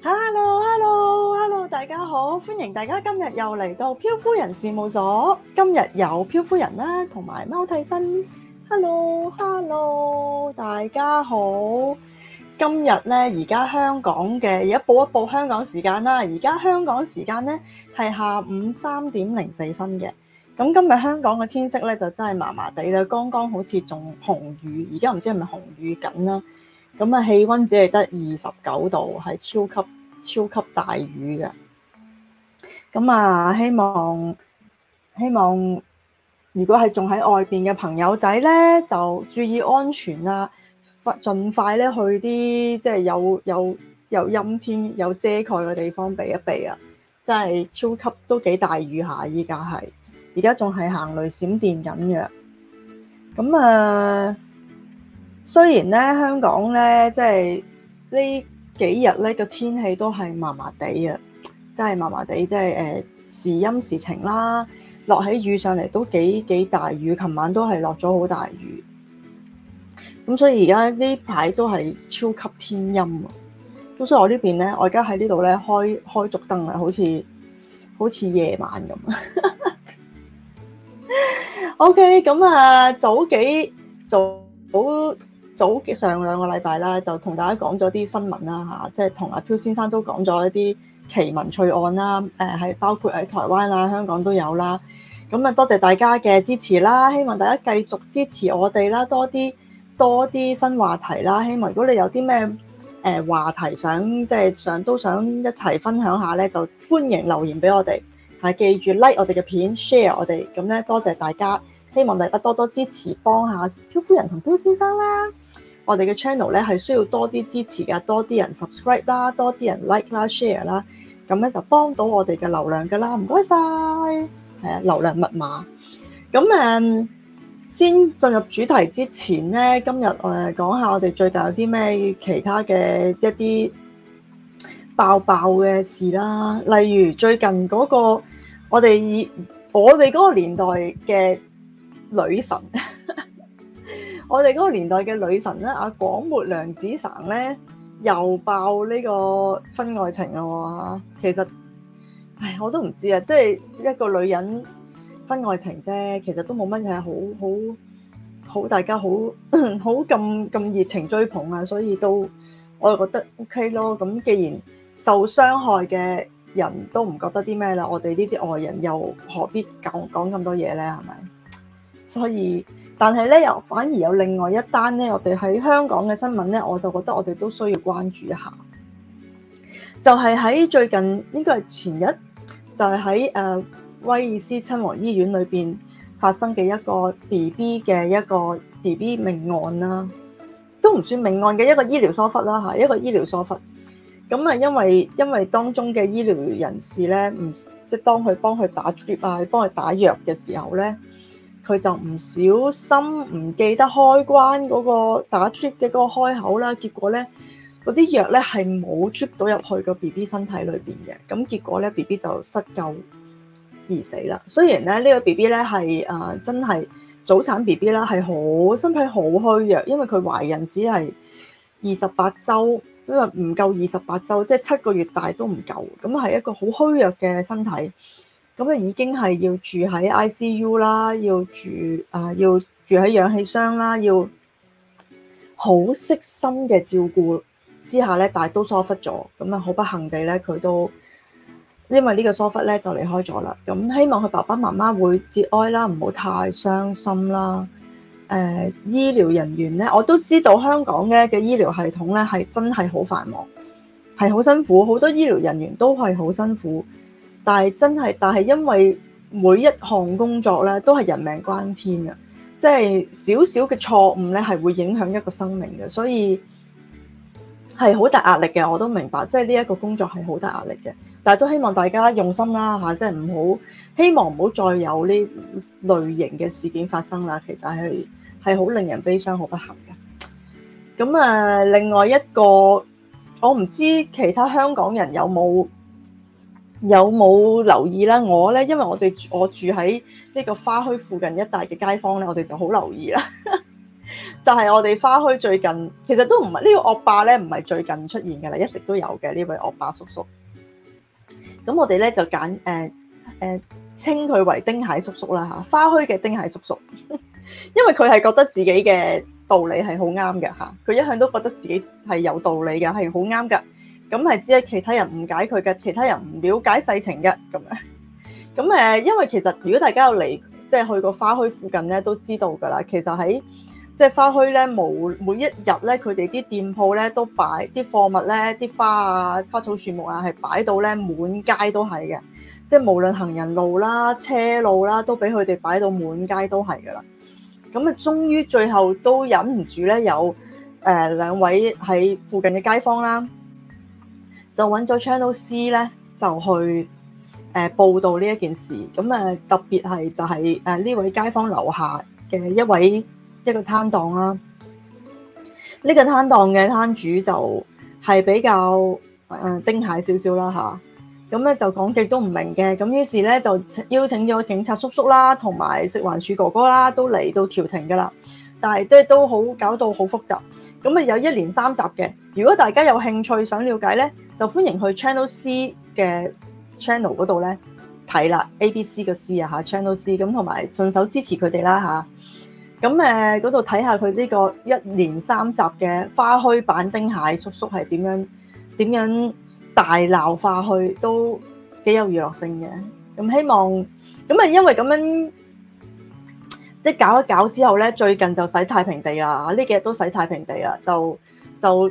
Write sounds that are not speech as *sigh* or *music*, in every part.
Hello，Hello，Hello，hello, hello, hello, 大家好，歡迎大家今日又嚟到漂夫人事務所。今日有漂夫人啦，同埋貓替身。Hello，Hello，hello, 大家好。今日咧，而家香港嘅而家報一報香港時間啦。而家香港時間咧係下午三點零四分嘅。咁今日香港嘅天色咧就真係麻麻地啦，剛剛好似仲紅雨，而家唔知係咪紅雨緊啦。咁啊，氣温只係得二十九度，係超級超級大雨嘅。咁啊，希望希望如果係仲喺外邊嘅朋友仔咧，就注意安全啦、啊，快盡快咧去啲即係有有有陰天有遮蓋嘅地方避一避啊！真係超級都幾大雨下，依家係，而家仲係行雷閃電噉樣。咁啊～雖然咧，香港咧，即係呢幾日咧個天氣都係麻麻地啊，真係麻麻地，即係誒、呃、時陰時晴啦，落起雨上嚟都幾幾大雨，琴晚都係落咗好大雨。咁所以而家呢排都係超級天陰啊！咁所以我呢邊呢邊咧，我而家喺呢度咧開開足燈像像 *laughs* okay，啊，好似好似夜晚咁。OK，咁啊早幾早。早早上兩個禮拜啦，就同大家講咗啲新聞啦嚇，即係同阿漂先生都講咗一啲奇聞趣案啦。誒係包括喺台灣啊、香港都有啦。咁啊，多謝大家嘅支持啦，希望大家繼續支持我哋啦，多啲多啲新話題啦。希望如果你有啲咩誒話題想即係想都想一齊分享下咧，就歡迎留言俾我哋。係，記住 like 我哋嘅片，share 我哋。咁咧，多謝大家，希望大家多多支持，幫下漂夫人同漂先生啦。我哋嘅 channel 咧，係需要多啲支持噶，多啲人 subscribe 啦，多啲人 like 啦、share 啦，咁咧就幫到我哋嘅流量噶啦。唔該晒，係啊，流量密碼。咁誒，先進入主題之前咧，今日我哋講下我哋最近有啲咩其他嘅一啲爆爆嘅事啦，例如最近嗰個我哋我哋嗰個年代嘅女神。我哋嗰個年代嘅女神咧，阿、啊、廣末涼子成咧又爆呢個婚外情啊！其實，唉，我都唔知啊，即係一個女人婚外情啫，其實都冇乜嘢好好好，好好大家好 *coughs* 好咁咁熱情追捧啊，所以都我就覺得 OK 咯。咁既然受傷害嘅人都唔覺得啲咩啦，我哋呢啲外人又何必講講咁多嘢咧？係咪？所以。但係咧，又反而有另外一單咧，我哋喺香港嘅新聞咧，我就覺得我哋都需要關注一下，就係喺最近應該係前日，就係喺誒威爾斯親王醫院裏邊發生嘅一個 B B 嘅一個 B B 命案啦，都唔算命案嘅一個醫療疏忽啦嚇，一個醫療疏忽，咁啊因為因為當中嘅醫療人士咧，唔即係當佢幫佢打 drip 啊，幫佢打藥嘅時候咧。佢就唔小心唔記得開關嗰個打 tube 嘅嗰個開口啦，結果咧嗰啲藥咧係冇 tube 到入去個 B B 身體裏邊嘅，咁結果咧 B B 就失救而死啦。雖然咧呢個 B B 咧係誒真係早產 B B 啦，係好身體好虛弱，因為佢懷孕只係二十八週，因為唔夠二十八週，即係七個月大都唔夠，咁係一個好虛弱嘅身體。咁啊，已經係要住喺 ICU 啦，要住啊、呃，要住喺氧氣箱啦，要好悉心嘅照顧之下咧，但係都疏忽咗，咁啊，好不幸地咧，佢都因為個呢個疏忽咧就離開咗啦。咁希望佢爸爸媽媽會節哀啦，唔好太傷心啦。誒、呃，醫療人員咧，我都知道香港咧嘅醫療系統咧係真係好繁忙，係好辛苦，好多醫療人員都係好辛苦。但係真係，但係因為每一項工作咧都係人命關天呀，即係少少嘅錯誤咧係會影響一個生命嘅，所以係好大壓力嘅。我都明白，即係呢一個工作係好大壓力嘅。但係都希望大家用心啦吓，即係唔好，希望唔好再有呢類型嘅事件發生啦。其實係係好令人悲傷，好不幸嘅。咁啊，另外一個，我唔知其他香港人有冇。有冇留意啦？我咧，因為我哋住我住喺呢個花墟附近一帶嘅街坊咧，我哋就好留意啦。 *laughs* 就係我哋花墟最近，其實都唔係呢個惡霸咧，唔係最近出現嘅啦，一直都有嘅呢位惡霸叔叔。咁我哋咧就揀誒誒稱佢為丁蟹叔叔啦嚇，花墟嘅丁蟹叔叔， *laughs* 因為佢係覺得自己嘅道理係好啱嘅嚇，佢一向都覺得自己係有道理嘅，係好啱㗎。咁係只係，其他人誤解佢嘅，其他人唔了解世情嘅咁樣。咁誒，因為其實如果大家有嚟即係去過花墟附近咧，都知道㗎啦。其實喺即係花墟咧，無每一日咧，佢哋啲店鋪咧都擺啲貨物咧，啲花啊、花草樹木啊，係擺到咧滿街都係嘅。即係無論行人路啦、車路啦，都俾佢哋擺到滿街都係㗎啦。咁啊，終於最後都忍唔住咧，有誒、呃、兩位喺附近嘅街坊啦。就揾咗 Channel C 咧，就去誒、呃、報道呢一件事咁誒、呃。特別係就係誒呢位街坊樓下嘅一位一個攤檔啦。呢、啊呢個攤檔嘅攤主就係比較誒、呃、丁蟹少少啦吓，咁、啊、咧、啊、就講極都唔明嘅咁，於是咧就邀請咗警察叔叔啦，同、啊、埋食環署哥哥啦、啊，都嚟到調停㗎啦。但係即係都好搞到好複雜咁啊，有一連三集嘅。如果大家有興趣想了解咧～就歡迎去 Channel C 嘅 channel 嗰度咧睇啦，ABC 嘅 C 啊嚇，Channel C 咁同埋順手支持佢哋啦吓，咁誒嗰度睇下佢呢個一連三集嘅花墟版丁蟹叔叔係點樣點樣大鬧花墟，都幾有娛樂性嘅。咁希望咁啊，因為咁樣即係、就是、搞一搞之後咧，最近就洗太平地啦，呢幾日都洗太平地啊，就就。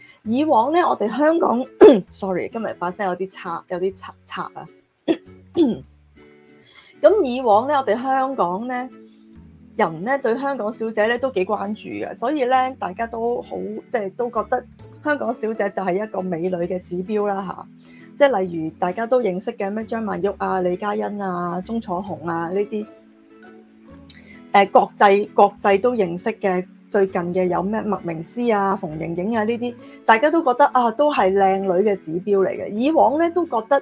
以往咧，我哋香港 *coughs* ，sorry，今日把聲有啲差，有啲差差啊。咁 *coughs* 以往咧，我哋香港咧，人咧對香港小姐咧都幾關注嘅，所以咧大家都好，即係都覺得香港小姐就係一個美女嘅指標啦吓、啊，即係例如大家都認識嘅咩張曼玉啊、李嘉欣啊、鐘楚紅啊呢啲，誒、呃、國際國際都認識嘅。最近嘅有咩麥明詩啊、馮盈盈啊呢啲，大家都覺得啊，都係靚女嘅指標嚟嘅。以往咧都覺得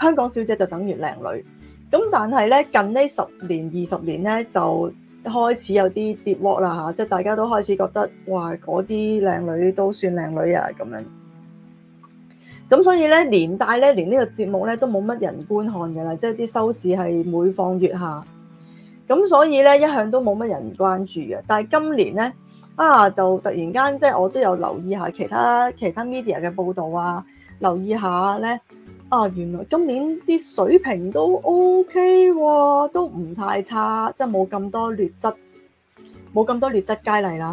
香港小姐就等於靚女，咁但係咧近呢十年二十年咧就開始有啲跌鑊啦嚇，即係大家都開始覺得哇，嗰啲靚女都算靚女啊咁樣。咁所以咧，連帶咧，連呢個節目咧都冇乜人觀看嘅啦，即係啲收視係每況愈下。咁所以咧一向都冇乜人關注嘅，但係今年咧啊就突然間即係我都有留意下其他其他 media 嘅報道啊，留意下咧啊原來今年啲水平都 OK 喎、啊，都唔太差，即係冇咁多劣質，冇咁多劣質佳麗啦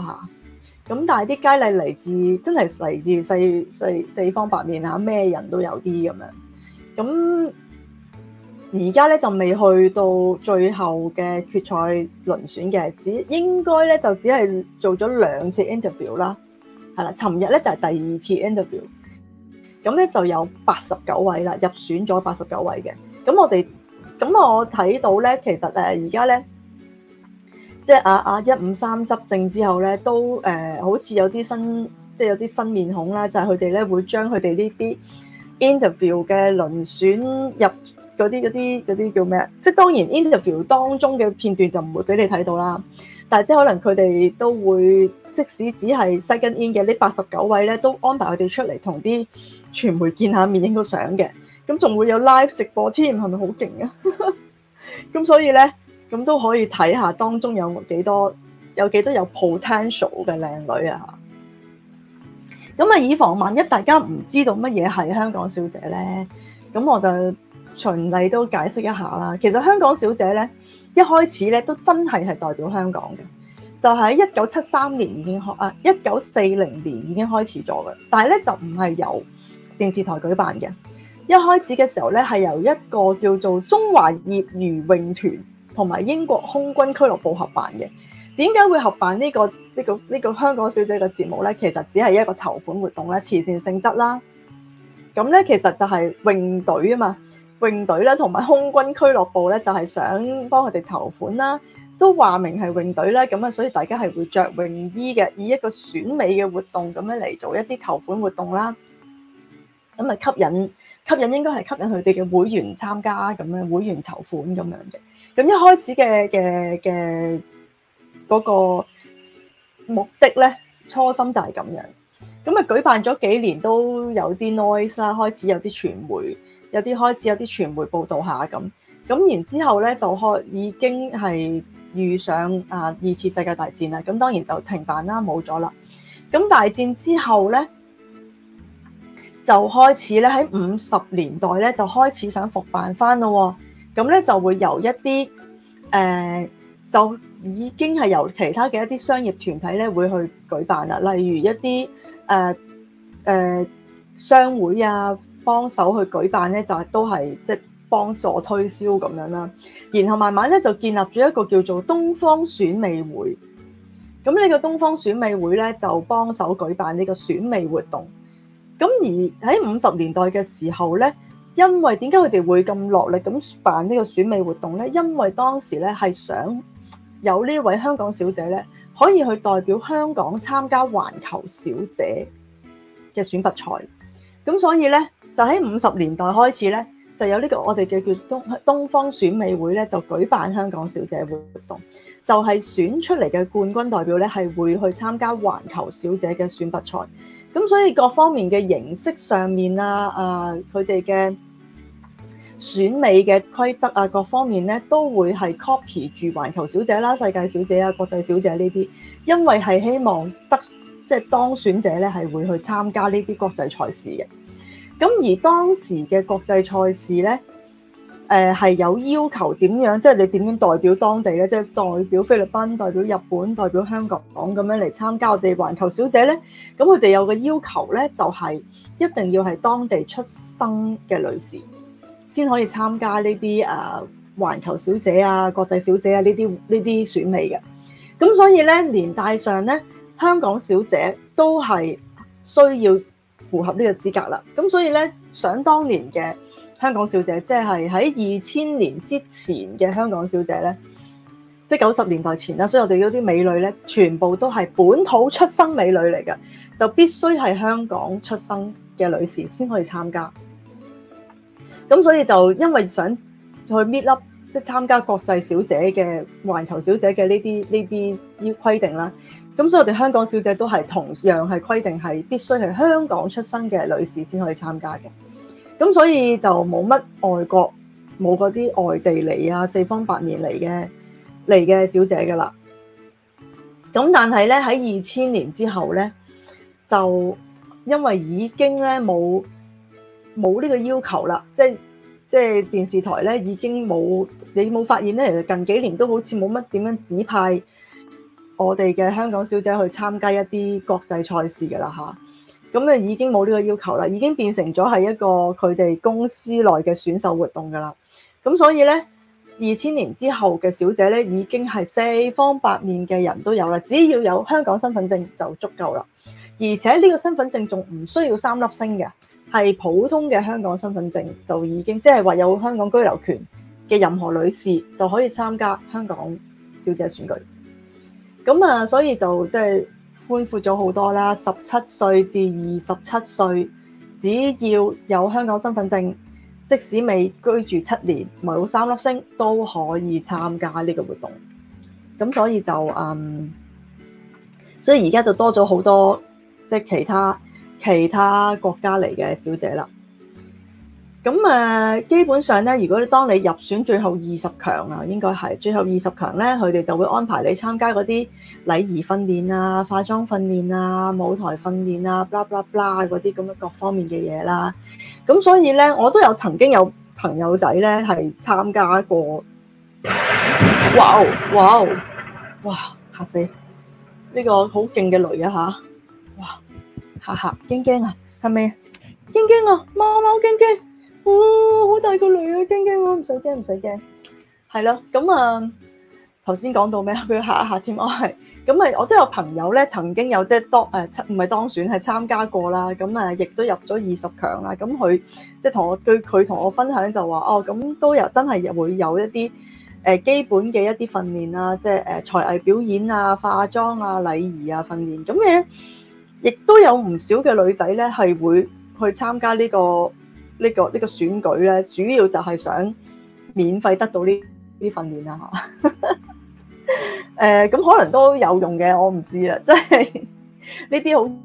吓，咁、啊、但係啲佳麗嚟自真係嚟自四四四方八面嚇、啊，咩人都有啲咁樣，咁。而家咧就未去到最後嘅決賽輪選嘅，只應該咧就只係做咗兩次 interview 啦，係啦。尋日咧就係第二次 interview，咁咧就有八十九位啦，入選咗八十九位嘅。咁我哋咁我睇到咧，其實誒而家咧，即係、就是、啊啊一五三執政之後咧，都誒、呃、好似有啲新即係、就是、有啲新面孔啦，就係佢哋咧會將佢哋呢啲 interview 嘅輪選入。嗰啲啲啲叫咩？即係當然 interview 當中嘅片段就唔會俾你睇到啦。但係即係可能佢哋都會，即使只係西根 in 嘅呢八十九位咧，都安排佢哋出嚟同啲傳媒見下面影到相嘅。咁仲會有 live 直播添，係咪好勁啊？咁 *laughs* 所以咧，咁都可以睇下當中有幾多有幾多有 potential 嘅靚女啊！咁啊，以防萬一大家唔知道乜嘢係香港小姐咧，咁我就。循例都解釋一下啦。其實香港小姐咧，一開始咧都真係係代表香港嘅，就喺一九七三年已經開啊，一九四零年已經開始咗嘅。但係咧就唔係由電視台舉辦嘅。一開始嘅時候咧係由一個叫做中華業餘泳團同埋英國空軍俱樂部合辦嘅。點解會合辦呢個呢個呢個香港小姐嘅節目咧？其實只係一個籌款活動咧，慈善性質啦。咁咧其實就係泳隊啊嘛。泳隊咧，同埋空軍俱樂部咧，就係想幫佢哋籌款啦，都話明係泳隊啦。咁啊，所以大家係會着泳衣嘅，以一個選美嘅活動咁樣嚟做一啲籌款活動啦。咁啊，吸引吸引，應該係吸引佢哋嘅會員參加咁樣，會員籌款咁樣嘅。咁一開始嘅嘅嘅嗰個目的咧，初心就係咁樣。咁啊，舉辦咗幾年都有啲 noise 啦，開始有啲傳媒。有啲開始有啲傳媒報導下咁，咁然之後咧就開已經係遇上啊二次世界大戰啦，咁當然就停辦啦，冇咗啦。咁大戰之後咧，就開始咧喺五十年代咧就開始想復辦返咯。咁咧就會由一啲誒、呃、就已經係由其他嘅一啲商業團體咧會去舉辦啦，例如一啲誒誒商會啊。幫手去舉辦咧，就係都係即幫助推銷咁樣啦。然後慢慢咧就建立咗一個叫做東方選美會。咁呢個東方選美會咧就幫手舉辦呢個選美活動。咁而喺五十年代嘅時候咧，因為點解佢哋會咁落力咁辦呢個選美活動咧？因為當時咧係想有呢位香港小姐咧可以去代表香港參加環球小姐嘅選拔賽。咁所以咧。就喺五十年代開始咧，就有呢個我哋嘅叫東東方選美會咧，就舉辦香港小姐活動，就係、是、選出嚟嘅冠軍代表咧，係會去參加環球小姐嘅選拔賽。咁所以各方面嘅形式上面啊，啊佢哋嘅選美嘅規則啊，各方面咧都會係 copy 住環球小姐啦、世界小姐啊、國際小姐呢啲，因為係希望得即係、就是、當選者咧係會去參加呢啲國際賽事嘅。咁而當時嘅國際賽事咧，誒、呃、係有要求點樣，即係你點樣代表當地咧？即係代表菲律賓、代表日本、代表香港港咁樣嚟參加我哋環球小姐咧。咁佢哋有個要求咧，就係、是、一定要係當地出生嘅女士先可以參加呢啲誒環球小姐啊、國際小姐啊呢啲呢啲選美嘅。咁所以咧連帶上咧，香港小姐都係需要。符合呢個資格啦，咁所以咧，想當年嘅香港小姐，即係喺二千年之前嘅香港小姐咧，即九十年代前啦，所以我哋嗰啲美女咧，全部都係本土出生美女嚟嘅，就必須係香港出生嘅女士先可以參加。咁所以就因為想去搣粒，即參加國際小姐嘅、環球小姐嘅呢啲呢啲規定啦。咁所以我哋香港小姐都係同樣，係規定，係必須係香港出生嘅女士先可以參加嘅，咁所以就冇乜外國，冇嗰啲外地嚟啊，四方八面嚟嘅嚟嘅小姐噶啦。咁但係咧喺二千年之後咧，就因為已經咧冇冇呢個要求啦，即係即係電視台咧已經冇，你冇發現咧，其實近幾年都好似冇乜點樣指派。我哋嘅香港小姐去參加一啲國際賽事嘅啦吓，咁咧已經冇呢個要求啦，已經變成咗係一個佢哋公司內嘅選秀活動噶啦。咁所以呢，二千年之後嘅小姐呢，已經係四方八面嘅人都有啦，只要有香港身份證就足夠啦。而且呢個身份證仲唔需要三粒星嘅，係普通嘅香港身份證就已經即係話有香港居留權嘅任何女士就可以參加香港小姐選舉。咁啊，所以就即係寬闊咗好多啦！十七歲至二十七歲，只要有香港身份證，即使未居住七年冇三粒星，都可以參加呢個活動。咁所以就嗯，所以而家就多咗好多即係、就是、其他其他國家嚟嘅小姐啦。咁誒，基本上咧，如果你當你入選最後二十強啊，應該係最後二十強咧，佢哋就會安排你參加嗰啲禮儀訓練啊、化妝訓練啊、舞台訓練啊、blah blah blah 嗰啲咁嘅各方面嘅嘢啦。咁所以咧，我都有曾經有朋友仔咧係參加過。Wow, wow, 哇哦、這個啊！哇哦！哇嚇死！呢個好勁嘅雷啊吓！哇嚇嚇驚驚啊係咪？驚驚啊貓貓驚驚、啊、驚驚！哦，好大個女啊！驚驚、啊，我唔使驚，唔使驚。係咯，咁啊，頭先講到咩？佢嚇一吓添，我係咁啊！我都有朋友咧，曾經有即係當誒，唔係、呃、當選，係參加過啦。咁啊，亦都入咗二十強啦。咁佢即係同我佢佢同我分享就話哦，咁都有，真係會有一啲誒、呃、基本嘅一啲訓練啊，即係誒、呃、才藝表演啊、化妝啊、禮儀啊訓練。咁嘅亦都有唔少嘅女仔咧，係會去參加呢、這個。呢、這個呢、這個選舉咧，主要就係想免費得到呢呢訓練啦嚇。誒，咁、 *laughs* *laughs* 呃、可能都有用嘅，我唔知啊。即係呢啲好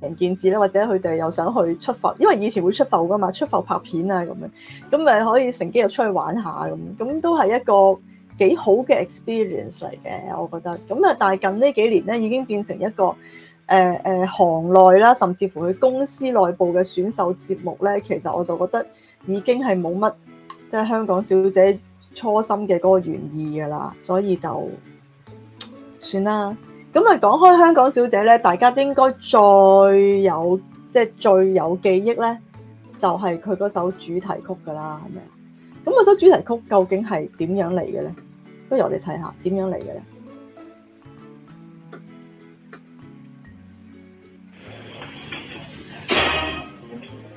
人見智咧，或者佢哋又想去出埠，因為以前會出埠噶嘛，出埠拍片啊咁樣，咁咪可以乘機又出去玩下咁，咁都係一個幾好嘅 experience 嚟嘅，我覺得。咁啊，但係近呢幾年咧，已經變成一個。誒、呃、誒、呃，行內啦，甚至乎佢公司內部嘅選秀節目咧，其實我就覺得已經係冇乜即係香港小姐初心嘅嗰個原意噶啦，所以就算啦。咁啊，講開香港小姐咧，大家應該最有即係、即係、最有記憶咧，就係佢嗰首主題曲噶啦，咁樣。咁嗰首主題曲究竟係點樣嚟嘅咧？不如我哋睇下點樣嚟嘅。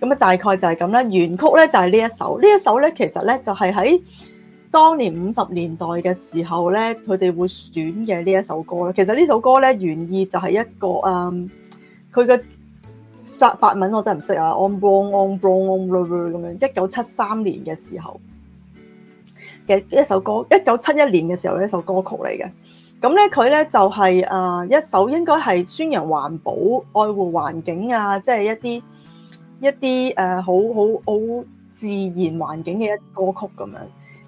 咁啊，大概就係咁啦。原曲咧就係呢一首，呢一首咧其實咧就係喺當年五十年代嘅時候咧，佢哋會選嘅呢一首歌啦。其實呢首歌咧原意就係一個嗯，佢嘅法法文我真係唔識啊。On brown on 咁樣，一九七三年嘅時候嘅一首歌，一九七一年嘅時候一首歌曲嚟嘅。咁咧佢咧就係、是、啊、呃、一首應該係宣揚環保、愛護環境啊，即、就、係、是、一啲。一啲誒好好好自然環境嘅一歌曲咁樣，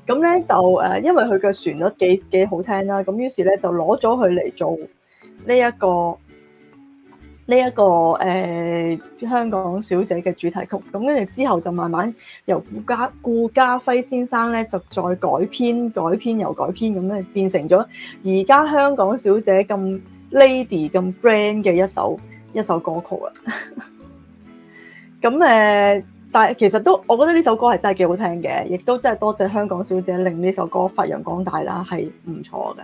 咁咧就誒，因為佢嘅旋律幾幾好聽啦，咁於是咧就攞咗佢嚟做呢一個呢一個誒香港小姐嘅主題曲。咁跟住之後就慢慢由顧家顧家輝先生咧就再改編改編又改編，咁咧變成咗而家香港小姐咁 lady 咁 brand 嘅一首一首歌曲啦。咁誒，但係其實都，我覺得呢首歌係真係幾好聽嘅，亦都真係多謝香港小姐令呢首歌發揚光大啦，係唔錯嘅。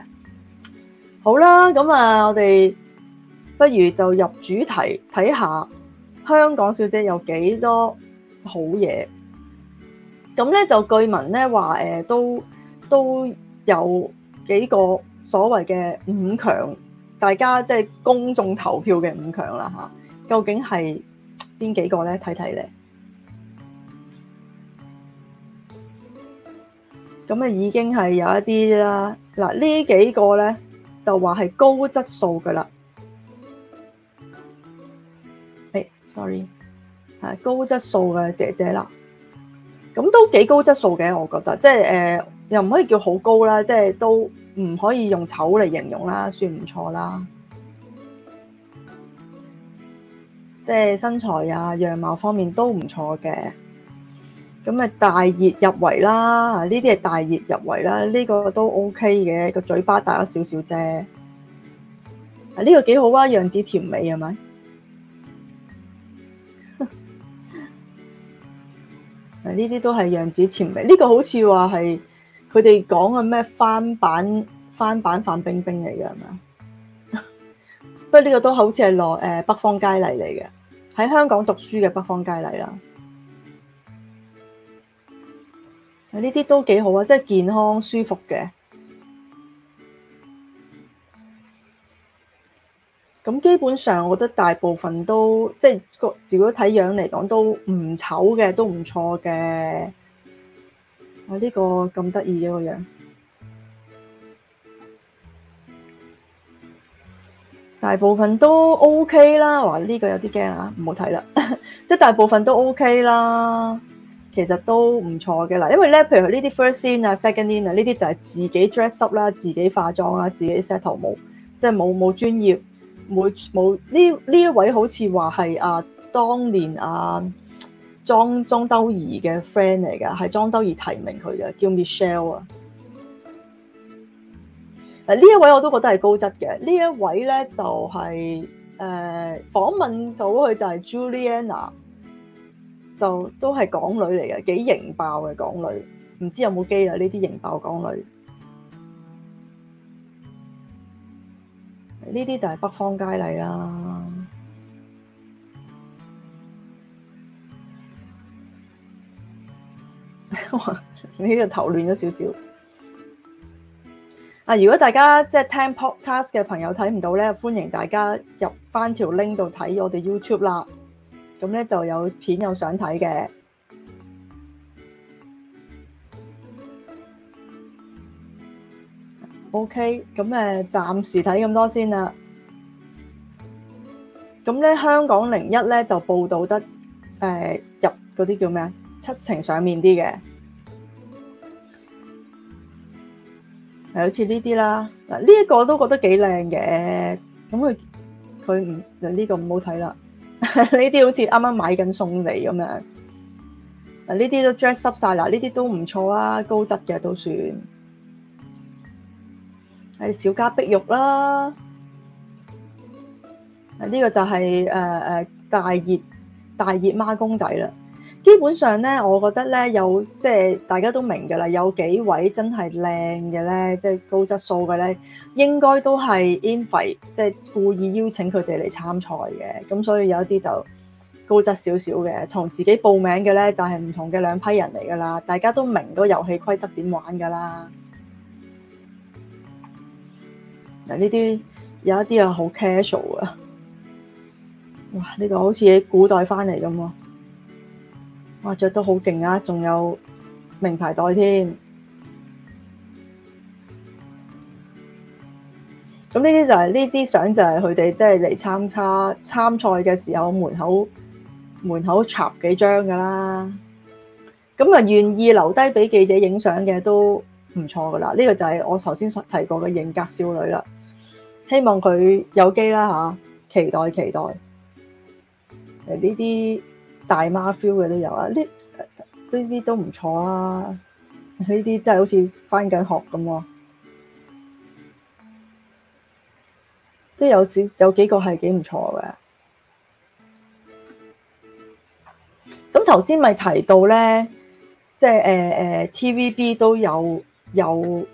好啦，咁啊，我哋不如就入主題睇下香港小姐有幾多好嘢。咁咧就據聞咧話誒，都都有幾個所謂嘅五強，大家即係、就是、公眾投票嘅五強啦嚇。究竟係？邊幾個咧？睇睇咧。咁啊，已經係有一啲啦。嗱，呢幾個咧就話係高質素嘅啦。誒，哎，sorry，係高質素嘅姐姐啦。咁都幾高質素嘅，我覺得。即係誒，呃，又唔可以叫好高啦。即係都唔可以用醜嚟形容啦，算唔錯啦。即係身材啊，樣貌方面都唔錯嘅，咁啊大熱入圍啦，呢啲係大熱入圍啦，呢、呢個都 OK 嘅，個嘴巴大咗少少啫，啊、呢、呢個幾好啊，樣子甜美係咪？啊呢啲都係樣子甜美，呢、呢個好似話係佢哋講嘅咩翻版翻版范冰冰嚟嘅係咪？不過呢個都好似係落誒北方佳麗嚟嘅。喺香港讀書嘅北方佳麗啦，啊呢啲都幾好啊，即係健康舒服嘅。咁基本上，我覺得大部分都即係如果睇樣嚟講都唔醜嘅，都唔錯嘅。啊呢個咁得意嘅個樣。大部分都 OK 啦，話呢，這個有啲驚啊，唔好睇啦。即 *laughs* 係大部分都 OK 啦，其實都唔錯嘅啦。因為咧，譬如呢啲 first in 啊，second in 啊，呢啲就係自己 dress up 啦，自己化妝啦，自己 set 頭冇，即係冇冇專業，冇冇呢呢一位好似話係啊，當年啊莊莊兜怡嘅 friend 嚟嘅，係莊兜怡提名佢嘅，叫 Michelle 啊。誒呢一位我都覺得係高質嘅，這呢一位咧就係誒訪問到佢就係 Juliana，就都係港女嚟嘅，幾型爆嘅港女，唔知有冇機啊？呢啲型爆港女，呢啲就係北方佳麗啦。你呢個頭亂咗少少。啊！如果大家即係聽 podcast 嘅朋友睇唔到咧，歡迎大家入翻條 link 度睇我哋 YouTube 啦。咁咧就有片有相睇嘅。OK，咁誒暫時睇咁多先啦。咁咧香港零一咧就報道得誒、呃、入嗰啲叫咩啊？七情上面啲嘅。係好似呢啲啦，嗱呢一個都覺得幾靚嘅，咁佢佢唔，呢、這個唔 *laughs* 好睇啦。呢啲好似啱啱買緊送嚟咁樣，嗱呢啲都 dress up 晒，嗱呢啲都唔錯啊，高質嘅都算，係小家碧玉啦。啊、這、呢個就係誒誒大熱大熱孖公仔啦。基本上咧，我覺得咧有即係大家都明嘅啦，有幾位真係靚嘅咧，即係高質素嘅咧，應該都係 invite 即係故意邀請佢哋嚟參賽嘅。咁所以有一啲就高質少少嘅，同自己報名嘅咧就係唔同嘅兩批人嚟噶啦。大家都明個遊戲規則點玩噶啦。嗱呢啲有一啲又好 casual 啊！哇，呢個好似喺古代翻嚟咁喎。哇！著都好勁啊，仲有名牌袋添。咁呢啲就係呢啲相，就係佢哋即係嚟參加參賽嘅時候門口門口，插幾張噶啦。咁啊，願意留低俾記者影相嘅都唔錯噶啦。呢個就係我頭先提過嘅型格少女啦。希望佢有機啦吓，期待期待。誒呢啲。大媽 feel 嘅都有啊，呢呢啲都唔錯啊。呢啲真係好似翻緊學咁咯，啊，即係有少有幾個係幾唔錯嘅。咁頭先咪提到咧，即係誒誒 TVB 都有有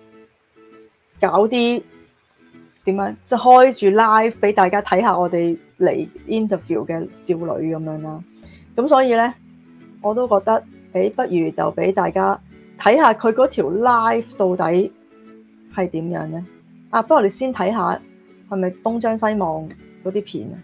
搞啲點樣，即係開住 live 俾大家睇下我哋嚟 interview 嘅少女咁樣啦。咁所以咧，我都覺得，誒、欸，不如就俾大家睇下佢嗰條 live 到底係點樣咧。啊，不如我哋先睇下係咪東張西望嗰啲片啊。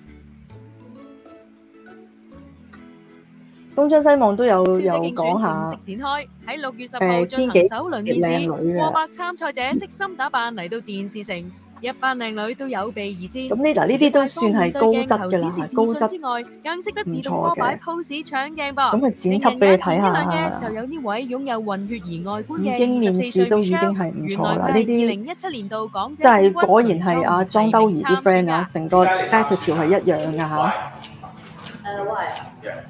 東張西望都有有講下。正式展開喺六月十號進行首輪面試，過百參賽者悉心打扮嚟到電視城。天一班靚女都有備而戰，咁呢嗱呢啲都算係高質㗎啦。係高質之外，更識得自動波擺 pose 搶鏡噃。咁咪剪輯俾你睇下下啦。就有呢位擁有混血兒外觀嘅，面試都已經係唔錯啦，呢啲原來係二零一七年度港姐，即係，果然係阿莊兜兒啲 friend 啊，成個 attitude 係一樣㗎。喂，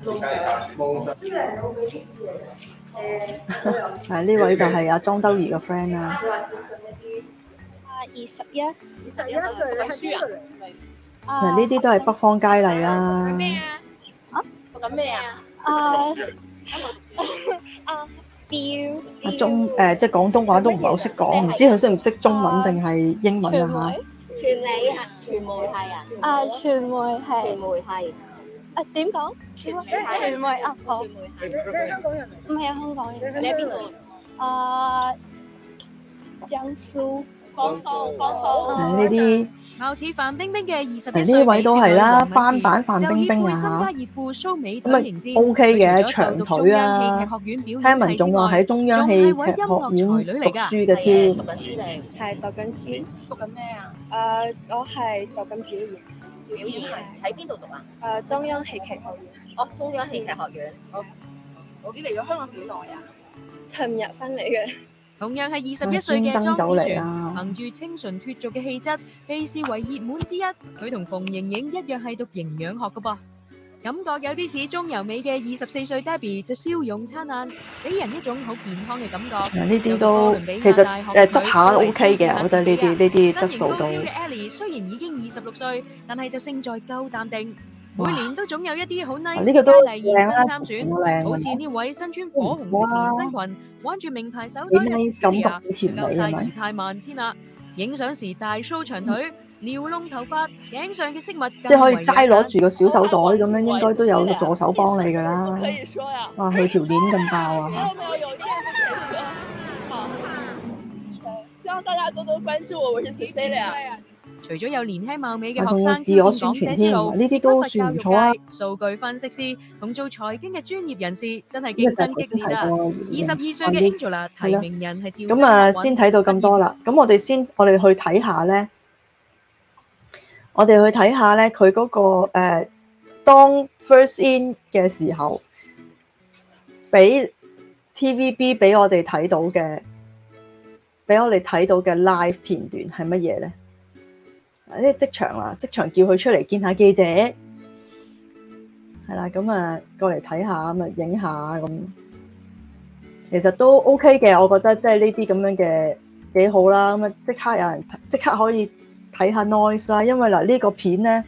呢位就係阿莊兜兒嘅 friend 啦。百二十一，二十一歲啦，係啊！嗱，呢啲都係北方佳麗啦。咩啊？啊？我講咩啊？啊啊！標啊中誒，即係廣東話都唔係好識講，唔知佢識唔識中文定係英文啊？吓？傳媒啊？傳媒係啊？啊！傳媒係。傳媒係。啊？點講？傳媒啊！我唔係香港人，你喺邊度人？啊，江蘇。放鬆，放鬆。呢、嗯、啲，貌似范冰冰嘅二十呢位都係啦，翻版范冰冰啊。就以佢身家而富、OK，美 O K 嘅長腿啊！聽聞總話喺中央戲劇學院表演系之外，聞仲係位音樂才女嚟噶。係讀緊書定？係讀緊書讀緊咩啊？誒、啊，我係讀緊表演，表演系喺邊度讀啊？誒、啊，中央戲劇學院。哦，中央戲劇學院。啊、我我啲嚟咗香港幾耐啊？尋日翻嚟嘅。同樣係二十一歲嘅莊子璇，憑住清純脫俗嘅氣質，被視為熱門之一。佢同馮盈盈一樣係讀營養學㗎噃，感覺有啲似鍾柔美嘅二十四歲 Debbie，就笑容燦爛，俾人一種好健康嘅感覺。呢啲都其實誒執下都 OK 嘅，我覺得呢啲呢啲質素都。新移民高挑嘅 Ellie 雖然已經二十六歲，但係就勝在夠淡定。每年都總有一啲好 Nice 嘅佳麗現身參選，好似呢位身穿火紅色連身裙，挽住名牌手袋嘅事業啊，夠晒儀態萬千啦！影相時大 show 長腿，撩弄頭髮，頸上嘅飾物，即係可以齋攞住個小手袋咁樣，應該都有助手幫你噶啦。哇，佢條鏈咁爆啊！希望大家多多關注我，我是 C C 咧。除咗有年輕貌美嘅學生我選者之外，呢、啊、啲都算唔錯啊！數據分析師同做財經嘅專業人士，真係競爭激烈 Angela, 啊！二十二歲嘅 Angela 提名人係趙子咁啊，先睇到咁多啦。咁我哋先，我哋去睇下咧，我哋去睇下咧、那個，佢嗰個誒當 first in 嘅時候，俾 TVB 俾我哋睇到嘅，俾我哋睇到嘅 live 片段係乜嘢咧？即係職場啦，職場叫佢出嚟見下記者，係啦，咁啊過嚟睇下，咁啊影下咁，其實都 OK 嘅，我覺得即係呢啲咁樣嘅幾好啦，咁啊即刻有人即刻可以睇下 noise 啦，因為嗱呢個片咧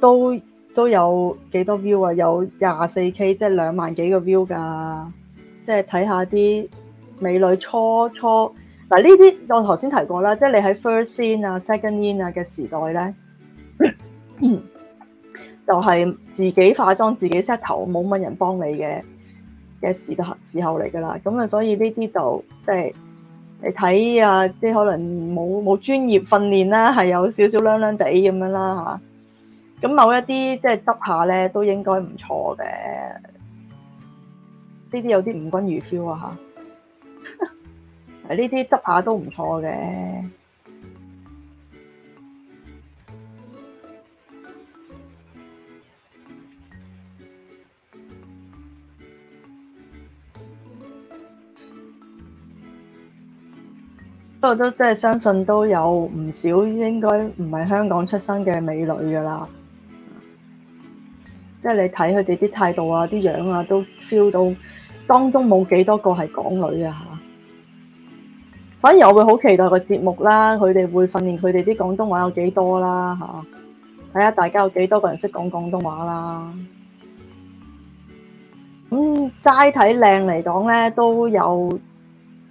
都都有幾多 view 啊，有廿四 K 即係兩萬幾個 view 㗎，即係睇下啲美女初初。嗱，呢啲我頭先提過啦，即係你喺 first in 啊、second in 啊嘅時代咧， *laughs* 就係自己化妝、自己 set 頭，冇乜人幫你嘅嘅時時候嚟噶啦。咁啊，所以呢啲就即、是、係你睇啊，即係可能冇冇專業訓練啦，係有少少靚靚地咁樣啦吓，咁、啊、某一啲即係執下咧，都應該唔錯嘅。呢啲有啲吳君如 feel 啊嚇。 *laughs* 誒呢啲執下都唔錯嘅，不過都真係相信都有唔少應該唔係香港出生嘅美女㗎啦，即係你睇佢哋啲態度啊、啲樣啊，都 feel 到當中冇幾多個係港女啊。反而我會好期待個節目啦，佢哋會訓練佢哋啲廣東話有幾多啦嚇，睇下大家有幾多個人識講廣東話啦。咁齋睇靚嚟講咧，都有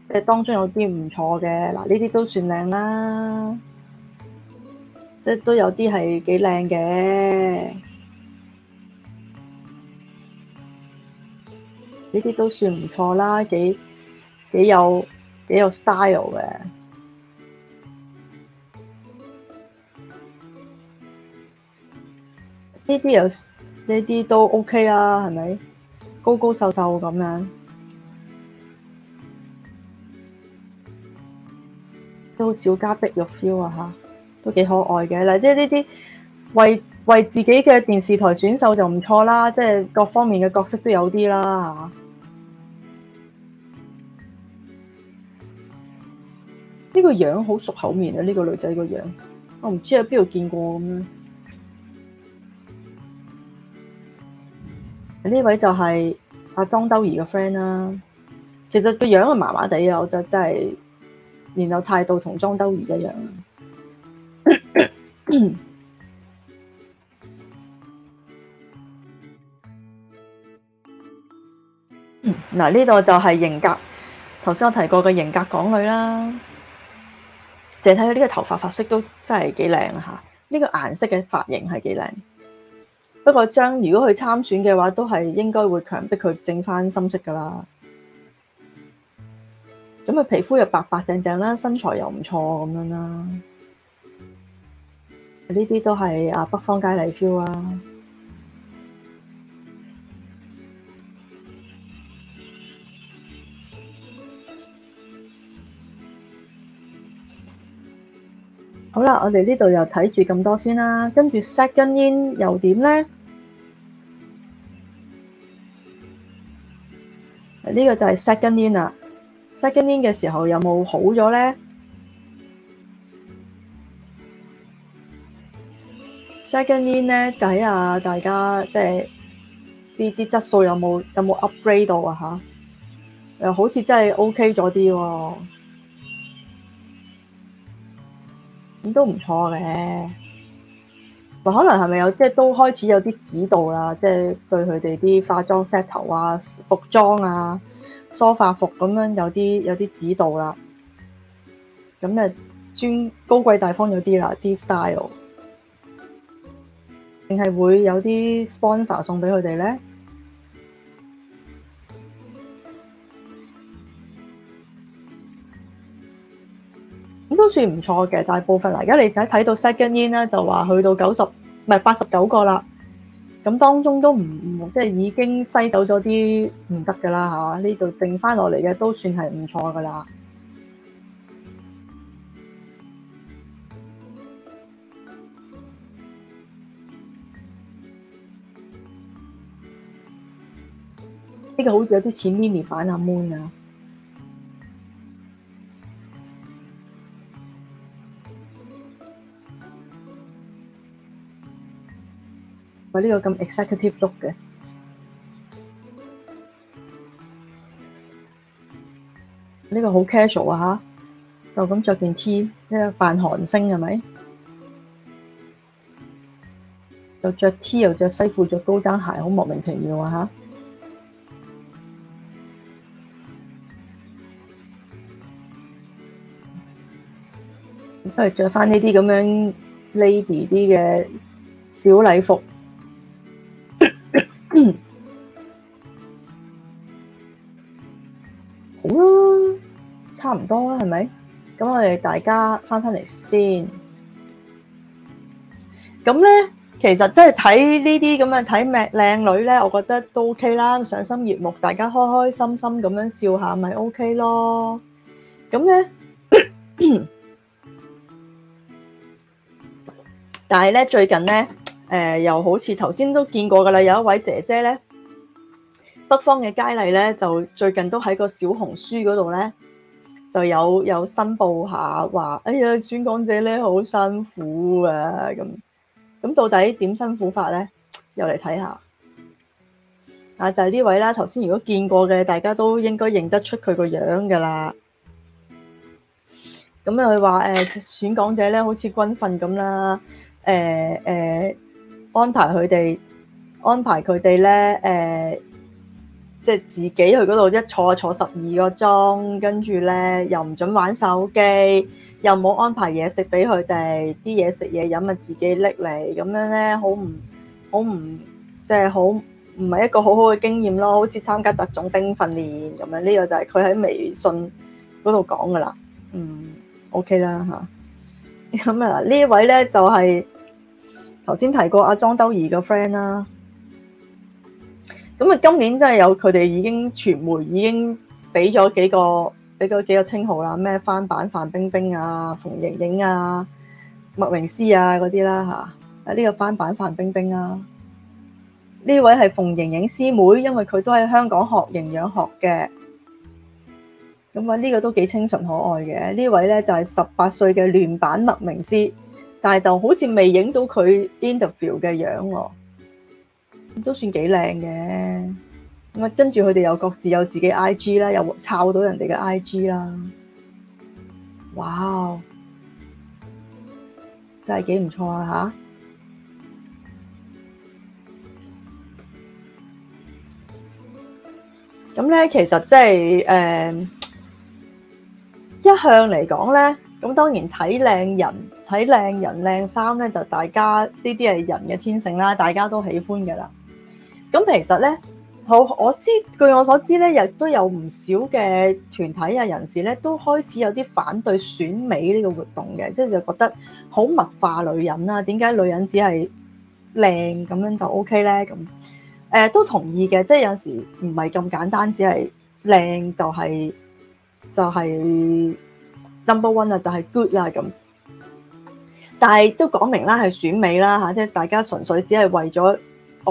即係當中有啲唔錯嘅，嗱呢啲都算靚啦，即係都有啲係幾靚嘅，呢啲都算唔錯啦，幾幾有。幾有 style 嘅呢啲有呢啲都 OK 啦，係咪？高高瘦瘦咁樣都好小家碧玉 feel 啊！吓都幾可愛嘅。嗱，即係呢啲為為自己嘅電視台選秀就唔錯啦，即係各方面嘅角色都有啲啦，吓。呢、這個樣好熟口面啊！呢、這個女仔個樣，我唔知喺邊度見過咁樣。呢位就係阿莊兜兒嘅 friend 啦。其實個樣係麻麻地啊，我就真係，然後態度同莊兜兒一樣。嗱、 *laughs* 嗯，呢度就係型格。頭先我提過嘅型格港女啦。你睇下呢個頭髮髮色都真係幾靚啦吓，呢個顏色嘅髮型係幾靚。不過將如果佢參選嘅話，都係應該會強迫佢整翻深色噶啦。咁啊，皮膚又白白淨淨啦，身材又唔錯咁樣啦。呢啲都係啊北方佳麗 feel 啊。好啦，我哋呢度又睇住咁多先啦，跟住 second in 又點咧？呢、呢個就係 second in 啦，second in 嘅時候有冇好咗咧？second in 咧，睇下大家即係啲啲質素有冇有冇 upgrade 到啊吓？又、啊、好似真係 OK 咗啲喎。都唔錯嘅，或可能係咪有即係都開始有啲指導啦，即係對佢哋啲化妝 set 頭啊、服裝啊、梳化服咁樣有啲有啲指導啦。咁誒專高貴大方有啲啦，啲 style，定係會有啲 sponsor 送俾佢哋咧？都算唔錯嘅，大部分嗱，而家你睇睇到 second in 咧，就話去到九十唔係八十九個啦。咁當中都唔即係已經篩到咗啲唔得㗎啦嚇，呢度剩翻落嚟嘅都算係唔錯噶啦。呢、這個好似有啲似 mini 版阿、啊、moon 啊。呢個咁 executive look 嘅，呢個好 casual 啊！嚇，就咁著件 T，呢個扮韓星係咪？又著 T，又著西褲，著高踭鞋，好莫名其妙啊！嚇，都係著翻呢啲咁樣 lady 啲嘅小禮服。啦，差唔多啦，係咪？咁我哋大家返返嚟先。咁咧，其實即係睇呢啲咁嘅睇靚靚女咧，我覺得都 OK 啦，賞心悅目，大家開開心心咁樣笑下，咪 OK 咯。咁咧，但係咧，最近咧，誒，又好似頭先都見過㗎啦，有一位姐姐咧。北方嘅佳麗咧，就最近都喺個小紅書嗰度咧，就有有申報下話，哎呀，選港姐咧，好辛苦啊。咁咁到底點辛苦法咧？又嚟睇下啊，就係、是、呢位啦。頭先如果見過嘅，大家都應該認得出佢個樣噶啦。咁佢話誒選港姐咧，好似軍訓咁啦。誒、欸、誒、欸、安排佢哋安排佢哋咧誒。欸即係自己去嗰度一坐坐十二個鐘，跟住咧又唔準玩手機，又冇安排嘢食俾佢哋，啲嘢食嘢飲啊自己拎嚟，咁樣咧好唔好唔即係好唔係一個好好嘅經驗咯，好似參加特種兵訓練咁樣，呢個就係佢喺微信嗰度講噶啦。嗯，OK 啦嚇。咁啊，呢一位咧就係頭先提過阿莊兜兒嘅 friend 啦。咁啊，今年真係有佢哋已經傳媒已經俾咗幾個俾咗幾個稱號啦，咩翻版范冰冰啊、馮盈盈啊、麥明詩啊嗰啲啦嚇，啊呢、這個翻版范冰冰啊，呢位係馮盈盈師妹，因為佢都喺香港學營養學嘅，咁啊呢、這個都幾清純可愛嘅。這位呢位咧就係十八歲嘅亂版麥明詩，但係就好似未影到佢 interview 嘅樣子哦。都算幾靚嘅，咁啊跟住佢哋又各自有自己 IG 啦，又抄到人哋嘅 IG 啦，哇！真係幾唔錯啊吓，咁咧其實即係誒一向嚟講咧，咁當然睇靚人睇靚人靚衫咧，就大家呢啲係人嘅天性啦，大家都喜歡嘅啦。咁其實咧，好，我知據我所知咧，亦都有唔少嘅團體啊、人士咧，都開始有啲反對選美呢個活動嘅，即係就覺得好物化女人啦，點解女人只係靚咁樣就 OK 咧？咁誒、呃、都同意嘅，即係有陣時唔係咁簡單，只係靚就係、係、就係、係、number one 啊，就係 good 啦咁。但係都講明啦，係選美啦吓，即係大家純粹只係為咗。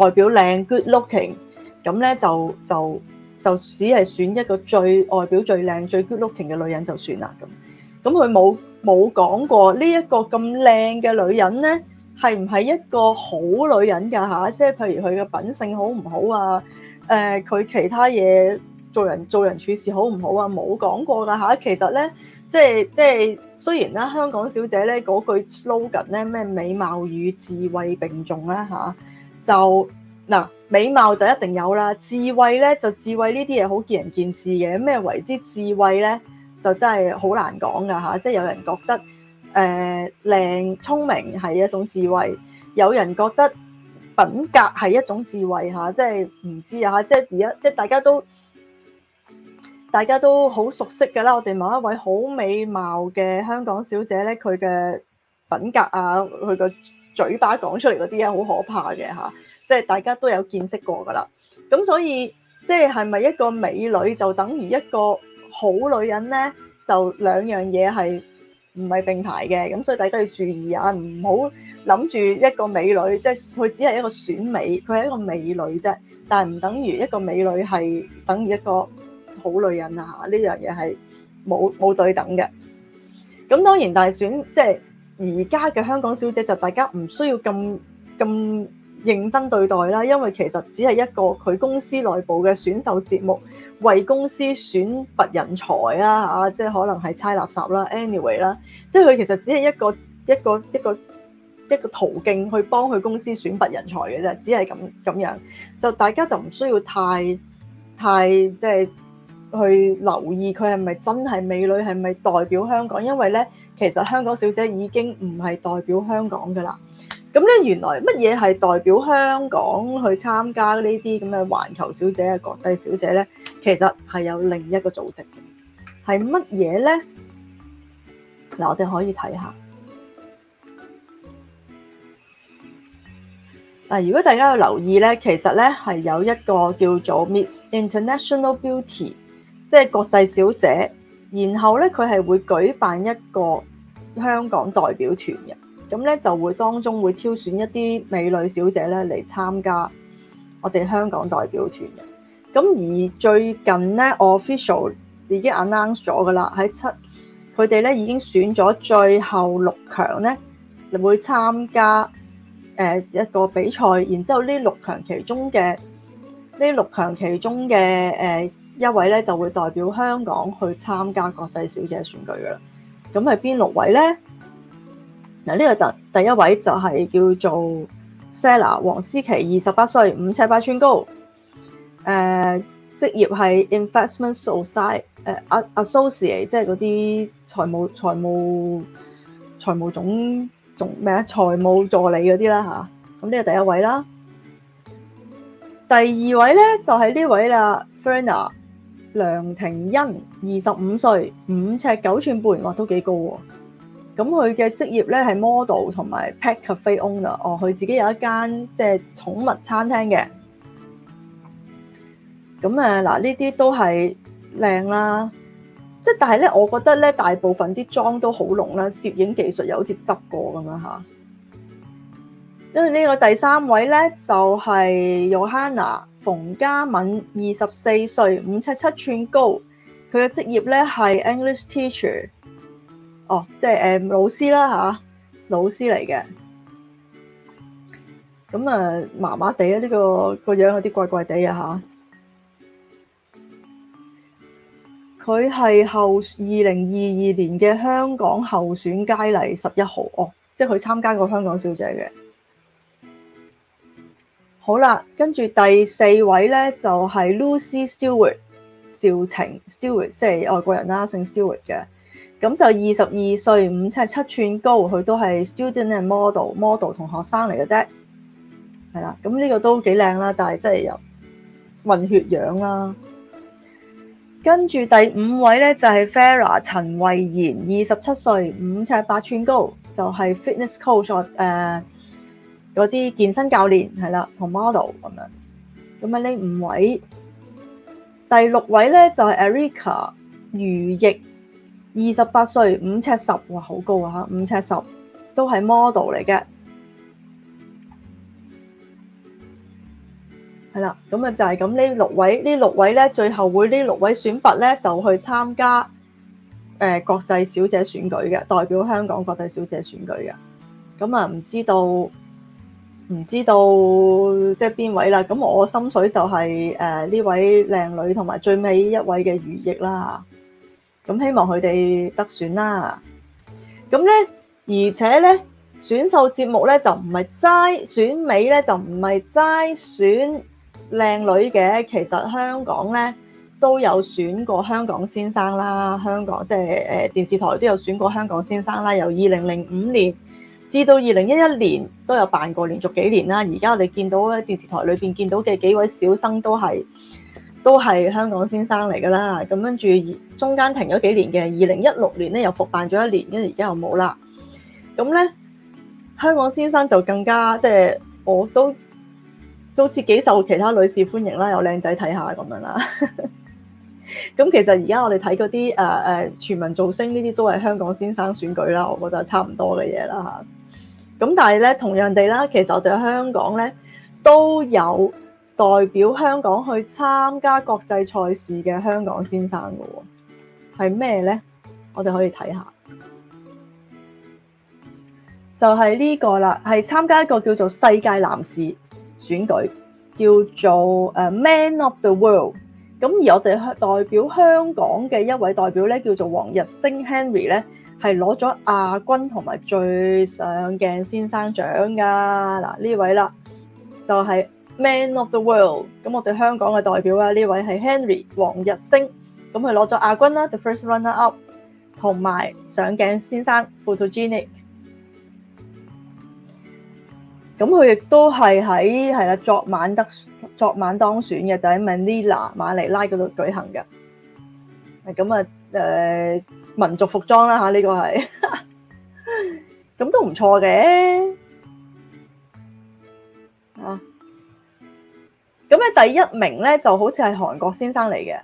外表靚 good looking，咁咧就就就只係選一個最外表最靚最 good looking 嘅女人就算啦咁。咁佢冇冇講過呢一、這個咁靚嘅女人咧係唔係一個好女人㗎吓，即係譬如佢嘅品性好唔好啊？誒、呃、佢其他嘢做人做人處事好唔好啊？冇講過㗎吓，其實咧即係即係雖然啦，香港小姐咧嗰句 slogan 咧咩美貌與智慧並重啦、啊、嚇。就嗱，美貌就一定有啦，智慧咧就智慧呢啲嘢好見仁見智嘅。咩為之智慧咧，就真係好難講噶吓，即係有人覺得，誒靚聰明係一種智慧，有人覺得品格係一種智慧吓、啊，即係唔知啊吓，即係而家即係大家都大家都好熟悉嘅啦。我哋某一位好美貌嘅香港小姐咧，佢嘅品格啊，佢個。嘴巴講出嚟嗰啲啊，好可怕嘅吓，即係大家都有見識過噶啦。咁所以即係係咪一個美女就等於一個好女人咧？就兩樣嘢係唔係並排嘅？咁所以大家要注意啊，唔好諗住一個美女，即係佢只係一個選美，佢係一個美女啫。但係唔等於一個美女係等於一個好女人啊！吓，呢樣嘢係冇冇對等嘅。咁當然大選即係。而家嘅香港小姐就大家唔需要咁咁認真對待啦，因為其實只係一個佢公司內部嘅選秀節目，為公司選拔人才啦嚇、啊，即係可能係拆垃圾啦，anyway 啦，即係佢其實只係一個一個一個一個途徑去幫佢公司選拔人才嘅啫，只係咁咁樣，就大家就唔需要太太即係。去留意佢係咪真係美女，係咪代表香港？因為咧，其實香港小姐已經唔係代表香港噶啦。咁咧，原來乜嘢係代表香港去參加呢啲咁嘅環球小姐啊、國際小姐咧？其實係有另一個組織嘅，係乜嘢咧？嗱，我哋可以睇下。嗱，如果大家有留意咧，其實咧係有一個叫做 Miss International Beauty。即係國際小姐，然後咧佢係會舉辦一個香港代表團嘅，咁咧就會當中會挑選一啲美女小姐咧嚟參加我哋香港代表團嘅。咁而最近咧 official 已經 announce 咗噶啦，喺七佢哋咧已經選咗最後六強咧會參加誒、呃、一個比賽，然之後呢六強其中嘅呢六強其中嘅誒。呃一位咧就會代表香港去參加國際小姐選舉噶啦，咁係邊六位咧？嗱，呢個第第一位就係叫做 Sara 黃思琪，二十八歲，五尺八寸高，誒、呃，職業係 investment associate 誒，啊 associate，即係嗰啲財務財務財務總總咩啊，財務助理嗰啲啦吓，咁呢個第一位啦。第二位咧就係、是、呢位啦 Fernanda 梁庭欣，二十五歲，五尺九寸半，哇，都幾高喎！咁佢嘅職業咧係 model 同埋 pet cafe owner，哦，佢自己有一間即係寵物餐廳嘅。咁啊，嗱、呃、呢啲都係靚啦，即係但係咧，我覺得咧，大部分啲妝都好濃啦，攝影技術又好似執過咁樣吓。因為呢個第三位咧就係、是、Yohanna。馮嘉敏，二十四歲，五尺七寸高，佢嘅職業咧係 English teacher，哦，即係誒、呃、老師啦吓、啊，老師嚟嘅。咁啊，麻麻地啊，呢個個樣有啲怪怪地啊吓。佢係後二零二二年嘅香港候選佳麗十一號，哦，即係佢參加過香港小姐嘅。好啦，跟住第四位咧就係、是、Lucy Stewart，邵晴 Stewart，即係外國人啦，姓 Stewart 嘅，咁就二十二歲，五尺七寸高，佢都係 student and model，model 同學生嚟嘅啫，係啦，咁呢個都幾靚啦，但係即係有混血樣啦、啊。跟住第五位咧就係、是、Fara 陳慧妍，二十七歲，五尺八寸高，就係、是、fitness coach 誒、呃。嗰啲健身教練係啦，同 model 咁樣，咁啊呢五位，第六位咧就係、是、Erica 余奕，二十八歲，五尺十，哇好高啊吓，五尺十都係 model 嚟嘅，係啦，咁啊就係咁呢六位，呢六位咧最後會呢六位選拔咧就去參加誒、呃、國際小姐選舉嘅，代表香港國際小姐選舉嘅，咁啊唔知道。唔知道即係邊位啦，咁我心水就係誒呢位靚女同埋最尾一位嘅余奕啦。咁希望佢哋得選啦。咁咧，而且咧選秀節目咧就唔係齋選美咧，就唔係齋選靚女嘅。其實香港咧都有選過香港先生啦，香港即係誒、呃、電視台都有選過香港先生啦。由二零零五年，至到二零一一年都有辦過，連續幾年啦。而家我哋見到喺電視台裏邊見到嘅幾位小生都係都係香港先生嚟噶啦。咁跟住中間停咗幾年嘅，二零一六年咧又復辦咗一年，跟住而家又冇啦。咁咧香港先生就更加即係我都都好似幾受其他女士歡迎啦，有靚仔睇下咁樣啦。咁其實而家我哋睇嗰啲誒誒全民造星呢啲都係香港先生選舉啦，我覺得差唔多嘅嘢啦嚇。咁但係咧，同樣地啦，其實我哋香港咧都有代表香港去參加國際賽事嘅香港先生嘅喎，係咩咧？我哋可以睇下，就係呢個啦，係參加一個叫做世界男士選舉，叫做誒 Man of the World。咁而我哋代表香港嘅一位代表咧，叫做黃日升 Henry 咧。係攞咗亞軍同埋最上鏡先生獎噶，嗱呢位啦就係、是、Man of the World，咁我哋香港嘅代表啦、啊，呢位係 Henry 黃日升。咁佢攞咗亞軍啦，The First Runner Up，同埋上鏡先生 f o t o g e n i c 咁佢亦都係喺係啦昨晚得昨晚當選嘅，就喺、是、Manila 馬尼拉嗰度舉行嘅。咁啊，誒、呃。民族服裝啦嚇，呢個係咁都唔錯嘅啊！咁咧 *laughs* 啊、第一名咧就好似係韓國先生嚟嘅，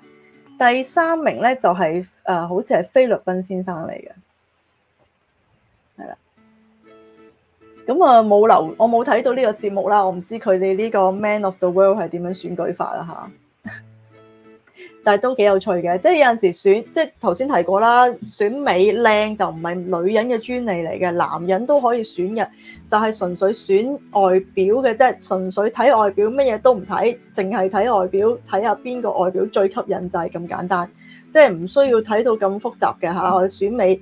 第三名咧就係誒好似係菲律賓先生嚟嘅，係啦。咁啊冇留，我冇睇到呢個節目啦，我唔知佢哋呢個 Man of the World 係點樣選舉法啦嚇。啊但係都幾有趣嘅，即係有陣時候選，即係頭先提過啦。選美靚就唔係女人嘅專利嚟嘅，男人都可以選嘅，就係、是、純粹選外表嘅啫，純粹睇外，外表，乜嘢都唔睇，淨係睇外表，睇下邊個外表最吸引就係咁簡單，即係唔需要睇到咁複雜嘅嚇、嗯啊。選美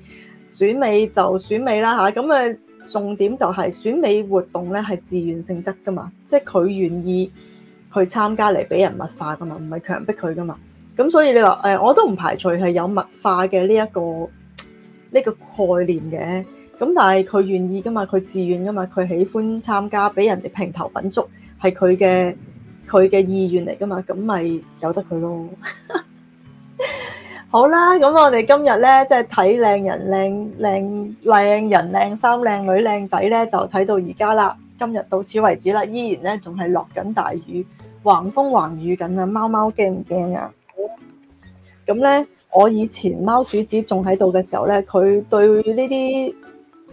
選美就選美啦吓，咁、啊、嘅重點就係選美活動咧係自願性質㗎嘛，即係佢願意去參加嚟俾人物化㗎嘛，唔係強迫佢㗎嘛。咁所以你話誒、哎，我都唔排除係有物化嘅呢一個呢、這個概念嘅。咁但係佢願意㗎嘛，佢自願㗎嘛，佢喜歡參加俾人哋評頭品足係佢嘅佢嘅意願嚟㗎嘛。咁咪由得佢咯。 *laughs* 好啦，咁我哋今日咧即係睇靚人靚靚靚人靚衫靚女靚仔咧，就睇、是、到而家啦。今日到此為止啦，依然咧仲係落緊大雨，橫風橫雨緊啊！貓貓驚唔驚啊？咁咧，我以前貓主子仲喺度嘅時候咧，佢對呢啲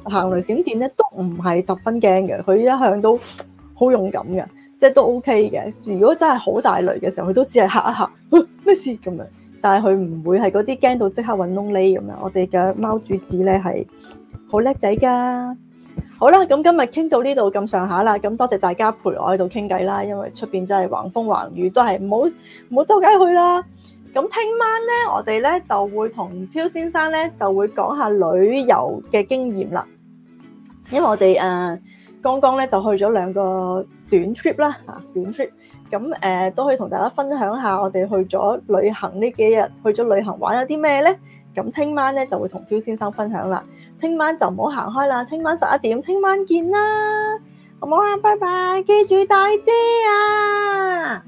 行雷閃電咧都唔係十分驚嘅，佢一向都好勇敢嘅，即係都 OK 嘅。如果真係好大雷嘅時候，佢都只係吓一吓，咩、啊、事咁樣？但係佢唔會係嗰啲驚到即刻搵窿匿咁樣。我哋嘅貓主子咧係好叻仔噶。好啦，咁今日傾到呢度咁上下啦，咁多謝大家陪我喺度傾偈啦，因為出邊真係橫風橫雨，都係唔好唔好周街去啦。咁聽晚咧，我哋咧就會同漂先生咧就會講下旅遊嘅經驗啦。因為我哋誒剛剛咧就去咗兩個短 trip 啦，嚇短 trip，咁誒都可以同大家分享下我哋去咗旅行呢幾日，去咗旅行玩有啲咩咧？咁聽晚呢就會同漂先生分享啦，聽晚就唔好行開啦，聽晚十一點，聽晚見啦，好唔好啊？拜拜，記住帶遮啊！